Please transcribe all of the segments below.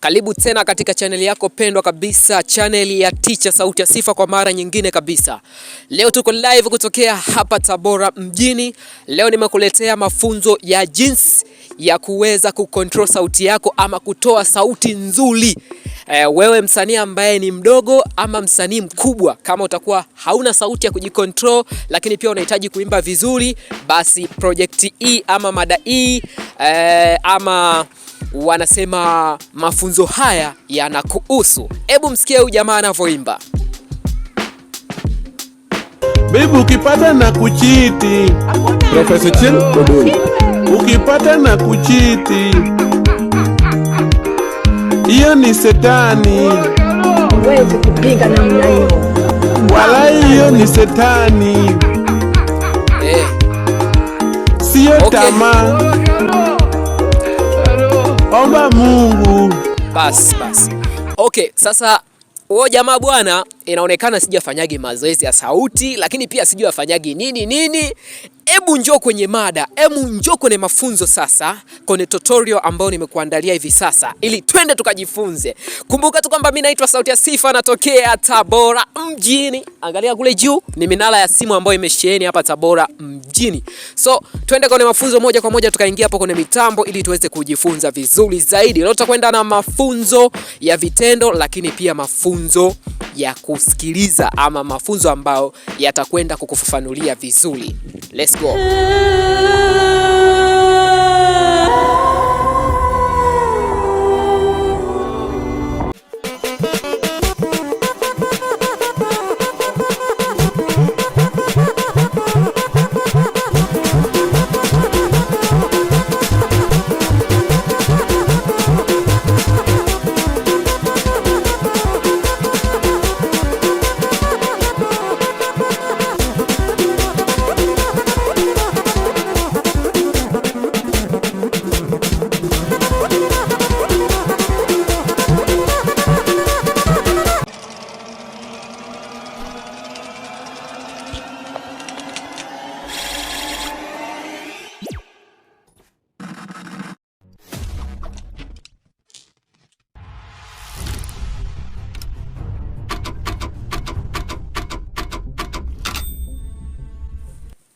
Karibu tena katika chaneli yako pendwa kabisa, chaneli ya Teacher Sauti ya Sifa. Kwa mara nyingine kabisa, leo tuko live kutokea hapa Tabora mjini. Leo nimekuletea mafunzo ya jinsi ya kuweza kucontrol sauti yako ama kutoa sauti nzuri. E, wewe msanii ambaye ni mdogo ama msanii mkubwa, kama utakuwa hauna sauti ya kujicontrol, lakini pia unahitaji kuimba vizuri, basi project E ama mada E, e ama wanasema mafunzo haya yanakuhusu. Hebu msikie huyu jamaa anavyoimba. Bibi, ukipata na kuchiti Profesa Chin, ukipata na kuchiti hiyo ni setani, huwezi kupiga namna hiyo, wala hiyo ni setani, eh. siyo tamaa omba Mungu. Basi basi, okay, sasa huo jamaa bwana, inaonekana sijui afanyagi mazoezi ya sauti, lakini pia sijui afanyagi nini nini, Ebu njoo kwenye mada, hebu njoo kwenye mafunzo sasa, kwenye tutorial ambayo nimekuandalia hivi sasa, ili twende tukajifunze. Kumbuka tu kwamba mimi naitwa Sauti ya Sifa, natokea Tabora mjini. Angalia kule juu ni minara ya simu ambayo imesheheni hapa Tabora mjini. So twende kwenye mafunzo moja kwa moja, tukaingia hapo kwenye mitambo ili tuweze kujifunza vizuri zaidi. Leo tutakwenda na mafunzo ya vitendo, lakini pia mafunzo ya kusikiliza ama mafunzo ambayo yatakwenda kukufafanulia vizuri. Let's ックを。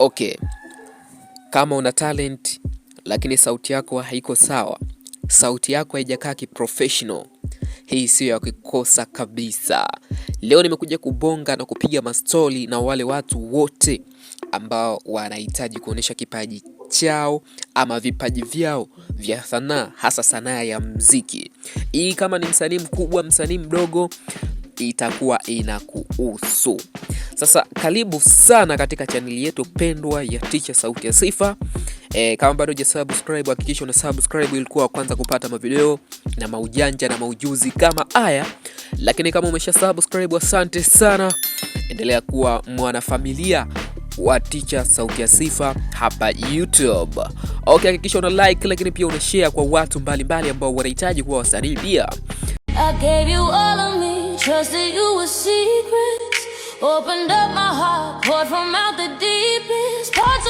Okay, kama una talent lakini sauti yako haiko sawa, sauti yako haijakaa kiprofessional, hii siyo ya kukosa kabisa. Leo nimekuja kubonga na kupiga mastori na wale watu wote ambao wanahitaji kuonyesha kipaji chao ama vipaji vyao vya sanaa, hasa sanaa ya mziki. Hii kama ni msanii mkubwa, msanii mdogo, itakuwa inakuhusu. Karibu sana katika chaneli yetu pendwa ya Teacher Sauti ya Sifa. E, kama bado hujasubscribe hakikisha una subscribe ili kuwa kwanza kupata mavideo na maujanja na maujuzi kama haya, lakini kama umesha subscribe, asante sana, endelea kuwa mwanafamilia wa Teacher Sauti ya Sifa hapa YouTube. Okay, hakikisha una like, lakini pia una share kwa watu mbalimbali ambao wanahitaji kuwa wasanii pia. I gave you all of me, trusted you was secret.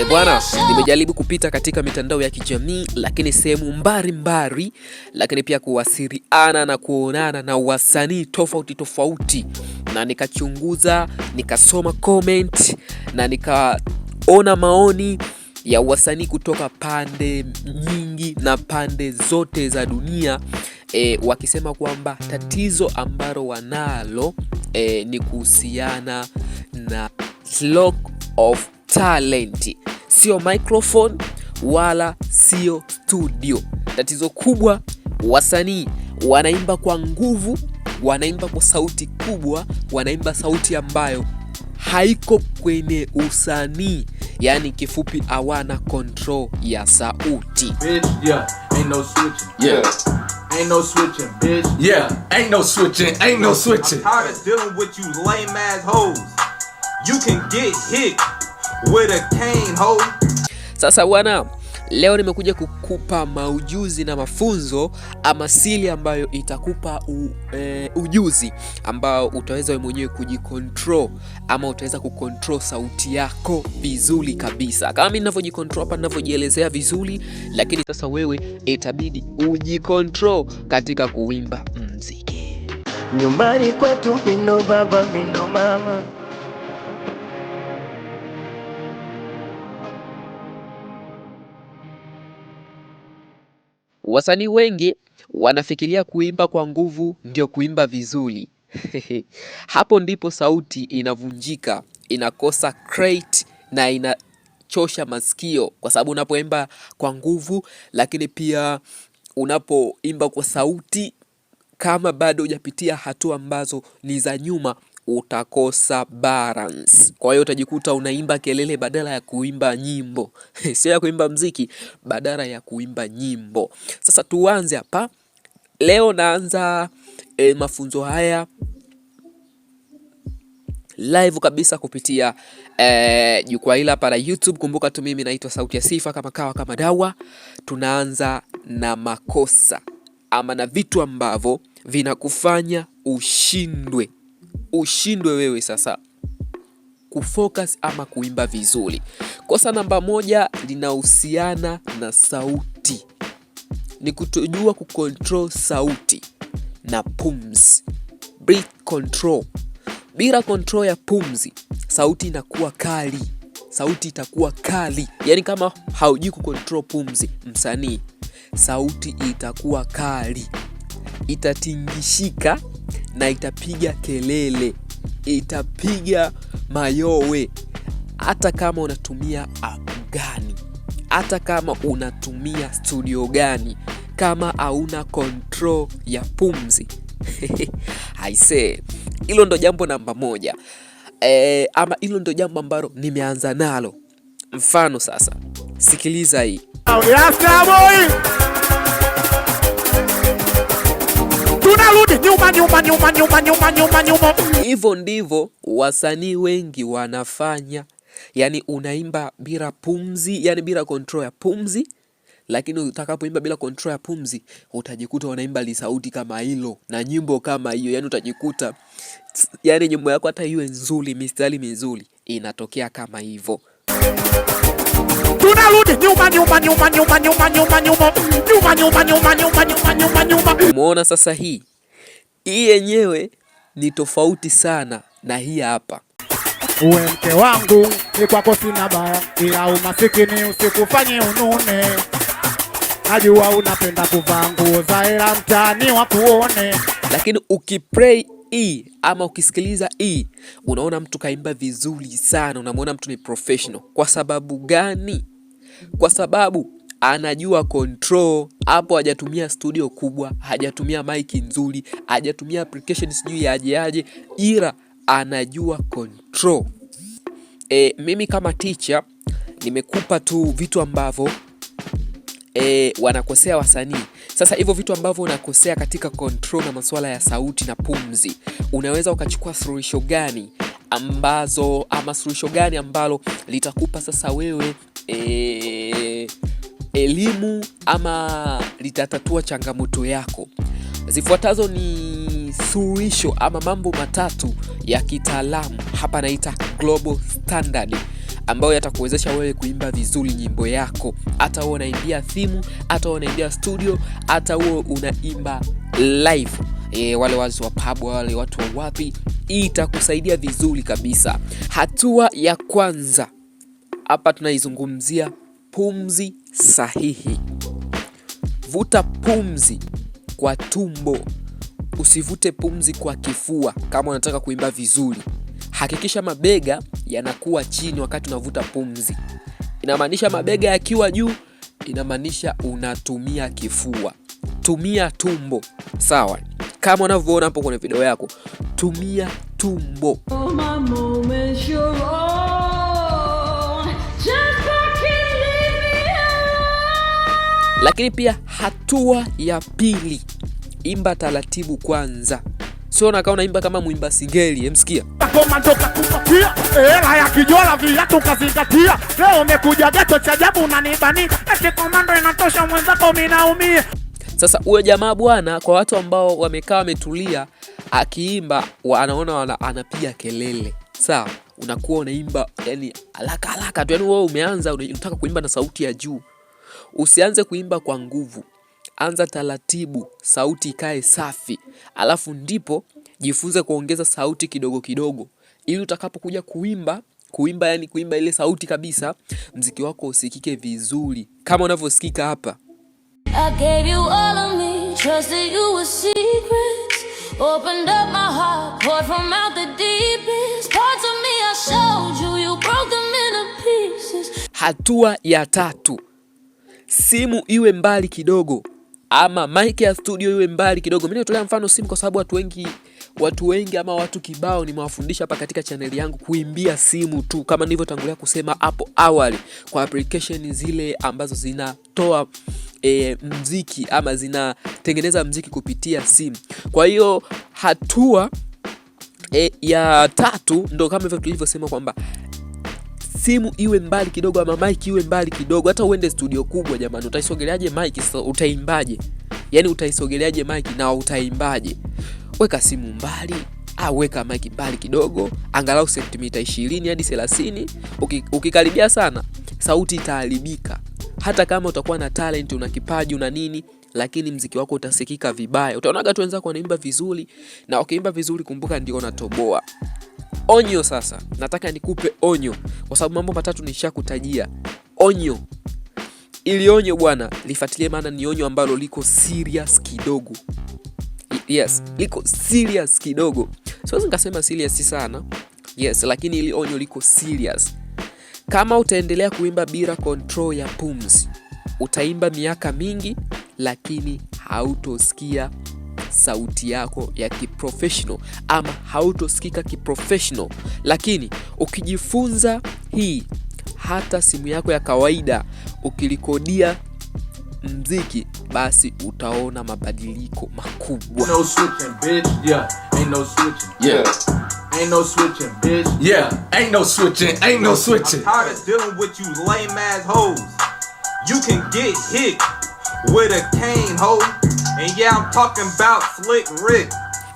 E bwana, nimejaribu kupita katika mitandao ya kijamii lakini sehemu mbalimbali, lakini pia kuwasiliana na kuonana na wasanii tofauti tofauti, na nikachunguza, nikasoma comment na nikaona maoni ya wasanii kutoka pande nyingi na pande zote za dunia e, wakisema kwamba tatizo ambalo wanalo e, ni kuhusiana na lack of talent, sio microphone wala sio studio. Tatizo kubwa, wasanii wanaimba kwa nguvu, wanaimba kwa sauti kubwa, wanaimba sauti ambayo haiko kwenye usanii, yaani kifupi hawana control ya sauti. Yeah. Ain't no switching, bitch. Yeah, ain't no switching, ain't no switching. I'm tired of dealing with you lame ass hoes. You can get hit with a cane, hoe. Sasa, what up? Leo nimekuja kukupa maujuzi na mafunzo ama siri ambayo itakupa u, e, ujuzi ambao utaweza wewe mwenyewe kujikontrol ama utaweza kukontrol sauti yako vizuri kabisa, kama mimi ninavyojikontrol hapa ninavyojielezea vizuri, lakini sasa wewe itabidi ujikontrol katika kuimba mziki. Nyumbani kwetu mino baba mino mama Wasanii wengi wanafikiria kuimba kwa nguvu ndio kuimba vizuri. Hapo ndipo sauti inavunjika, inakosa crate na inachosha masikio kwa sababu unapoimba kwa nguvu lakini pia unapoimba kwa sauti kama bado hujapitia hatua ambazo ni za nyuma utakosa balance. Kwa hiyo utajikuta unaimba kelele badala ya kuimba nyimbo sio ya kuimba mziki, badala ya kuimba nyimbo. Sasa tuanze hapa. Leo naanza e, mafunzo haya live kabisa kupitia eh, jukwaa hili hapa la YouTube. Kumbuka tu mimi naitwa Sauti ya Sifa, kama kawa kama dawa. Tunaanza na makosa ama na vitu ambavyo vinakufanya ushindwe ushindwe wewe sasa kufocus ama kuimba vizuri. Kosa namba moja linahusiana na sauti, ni kutojua kucontrol sauti na pumzi, breath control. Bila control ya pumzi, sauti inakuwa kali, sauti itakuwa kali. Yaani kama haujui kucontrol pumzi, msanii, sauti itakuwa kali, itatingishika na itapiga kelele, itapiga mayowe, hata kama unatumia apu gani, hata kama unatumia studio gani, kama hauna control ya pumzi aisee, hilo ndo jambo namba moja. E, ama hilo ndo jambo ambalo nimeanza nalo. Mfano sasa, sikiliza hii hivo ndivo Hivyo ndivyo wasanii wengi wanafanya, yani unaimba bila pumzi, yani bila control ya pumzi lakini utakapoimba bila control ya pumzi utajikuta unaimba lisauti kama hilo na nyimbo kama hiyo, yani utajikuta yani nyimbo yako hata iwe nzuri, mistari mizuri inatokea kama hivyo. nyuma nyuma nyuma nyuma nyuma nyuma nyuma nyuma nyuma nyuma nyuma nyuma nyuma. Umeona sasa hii hii yenyewe ni tofauti sana na hii hapa. Uwe mke wangu, ni kwako sina baya, ila umasikini usikufanye unune. Najua unapenda kuvaa nguo za hela mtaani wakuone. Lakini ukipray hii ama ukisikiliza hii, unaona mtu kaimba vizuri sana, unamwona mtu ni professional. Kwa sababu gani? Kwa sababu anajua control hapo, hajatumia studio kubwa, hajatumia mic nzuri, hajatumia application sijui aje aje, ila anajua control. E, mimi kama teacher nimekupa tu vitu ambavyo e, wanakosea wasanii. Sasa hivyo vitu ambavyo unakosea katika control na masuala ya sauti na pumzi, unaweza ukachukua suluhisho gani ambazo ama suluhisho gani ambalo litakupa sasa wewe e, elimu ama litatatua changamoto yako. Zifuatazo ni suluhisho ama mambo matatu ya kitaalamu, hapa naita global standard, ambayo yatakuwezesha wewe kuimba vizuri nyimbo yako, hata wewe unaimbia thimu, hata wewe unaimbia studio, hata huo unaimba live E, wale wazi wa pub wale watu wa wapi, hii itakusaidia vizuri kabisa. Hatua ya kwanza hapa tunaizungumzia Pumzi sahihi. Vuta pumzi kwa tumbo, usivute pumzi kwa kifua. Kama unataka kuimba vizuri, hakikisha mabega yanakuwa chini wakati unavuta pumzi. Inamaanisha mabega yakiwa juu, inamaanisha unatumia kifua. Tumia tumbo, sawa? Kama unavyoona hapo kwenye video yako, tumia tumbo. Oh, mama, Lakini pia hatua ya pili, imba taratibu kwanza, sio nakaa unaimba kama mwimba sigeli. Emsikia eh, koma hela ya kijola, viatu kazingatia. Leo umekuja geto cha eti komando inatosha, mwenzako minaumia. Sasa huyo jamaa bwana, kwa watu ambao wamekaa wametulia, akiimba anaona anapiga kelele sawa, unakuwa unaimba yani haraka haraka tu, yani wewe umeanza unataka kuimba na sauti ya juu Usianze kuimba kwa nguvu, anza taratibu, sauti ikae safi, alafu ndipo jifunze kuongeza sauti kidogo kidogo, ili utakapokuja kuimba kuimba, yani kuimba ile sauti kabisa, mziki wako usikike vizuri kama unavyosikika hapa. Hatua ya tatu simu iwe mbali kidogo ama mic ya studio iwe mbali kidogo. Mimi nitolea mfano simu kwa sababu watu wengi watu wengi ama watu kibao nimewafundisha hapa katika chaneli yangu kuimbia simu tu, kama nilivyotangulia kusema hapo awali, kwa application zile ambazo zinatoa e, mziki ama zinatengeneza mziki kupitia simu. Kwa hiyo hatua e, ya tatu ndo kama hivyo tulivyosema kwamba simu iwe mbali kidogo ama mic iwe mbali kidogo. Hata uende studio kubwa, jamani, utaisogeleaje mic? So, utaimbaje? Yani utaisogeleaje mic na utaimbaje? Weka simu mbali au ah, weka mic mbali kidogo, angalau sentimita 20 hadi 30. uki, Ukikaribia sana sauti itaharibika. Hata kama utakuwa na talent, una kipaji, una nini lakini mziki wako utasikika vibaya. Utaonaga tu wenzako wanaimba vizuri, na ukiimba vizuri, kumbuka ndio unatoboa Onyo sasa, nataka nikupe onyo, kwa sababu mambo matatu nishakutajia. Onyo ili onyo bwana lifuatilie, maana ni onyo ambalo liko serious kidogo. Yes, liko serious kidogo, siwezi nikasema serious sana. Yes, lakini ili onyo liko serious. Kama utaendelea kuimba bila control ya pumzi, utaimba miaka mingi, lakini hautosikia sauti yako ya kiprofessional ama hautosikika kiprofessional. Lakini ukijifunza hii, hata simu yako ya kawaida ukilikodia mziki basi utaona mabadiliko makubwa. You can get hit with a cane, hoe. And yeah, I'm talking about Flick Rick.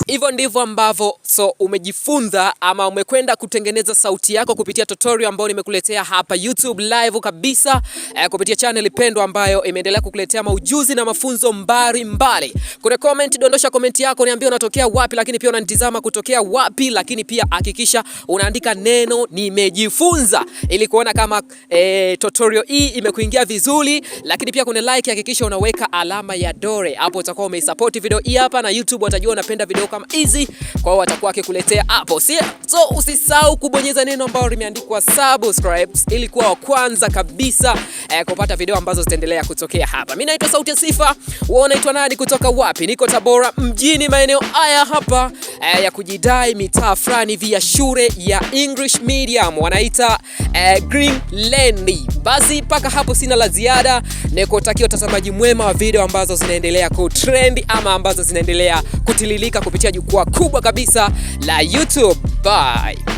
Hivyo ndivyo ambavyo so umejifunza ama umekwenda kutengeneza sauti yako kupitia tutorial ambayo nimekuletea hapa YouTube live kabisa eh, kupitia channel pendwa ambayo imeendelea kukuletea maujuzi na mafunzo mbali mbali. Kuna comment, dondosha comment yako, niambie unatokea wapi, lakini pia unanitazama kutokea wapi, lakini pia hakikisha unaandika neno nimejifunza ili kuona kama eh, tutorial hii imekuingia vizuri, lakini pia kuna like, hakikisha unaweka alama ya dore hapo, utakuwa umeisupport video hii hapa na YouTube watajua unapenda video kama easy, kwa hiyo watakuwa wakikuletea hapo, si so? Usisahau kubonyeza neno ambalo limeandikwa subscribe ili kuwa wa kwanza kabisa eh, kupata video ambazo zitaendelea kutokea hapa. Mimi naitwa Sauti ya Sifa, wewe unaitwa nani? Kutoka wapi? Niko Tabora mjini, maeneo haya hapa eh, ya kujidai mitaa fulani hivi ya shule ya English medium wanaita eh, Green Lane. Basi mpaka hapo sina la ziada, nikutakia utazamaji mwema wa video ambazo zinaendelea ku trend ama ambazo zinaendelea kutililika kupitia jukwaa kubwa kabisa la YouTube. Bye.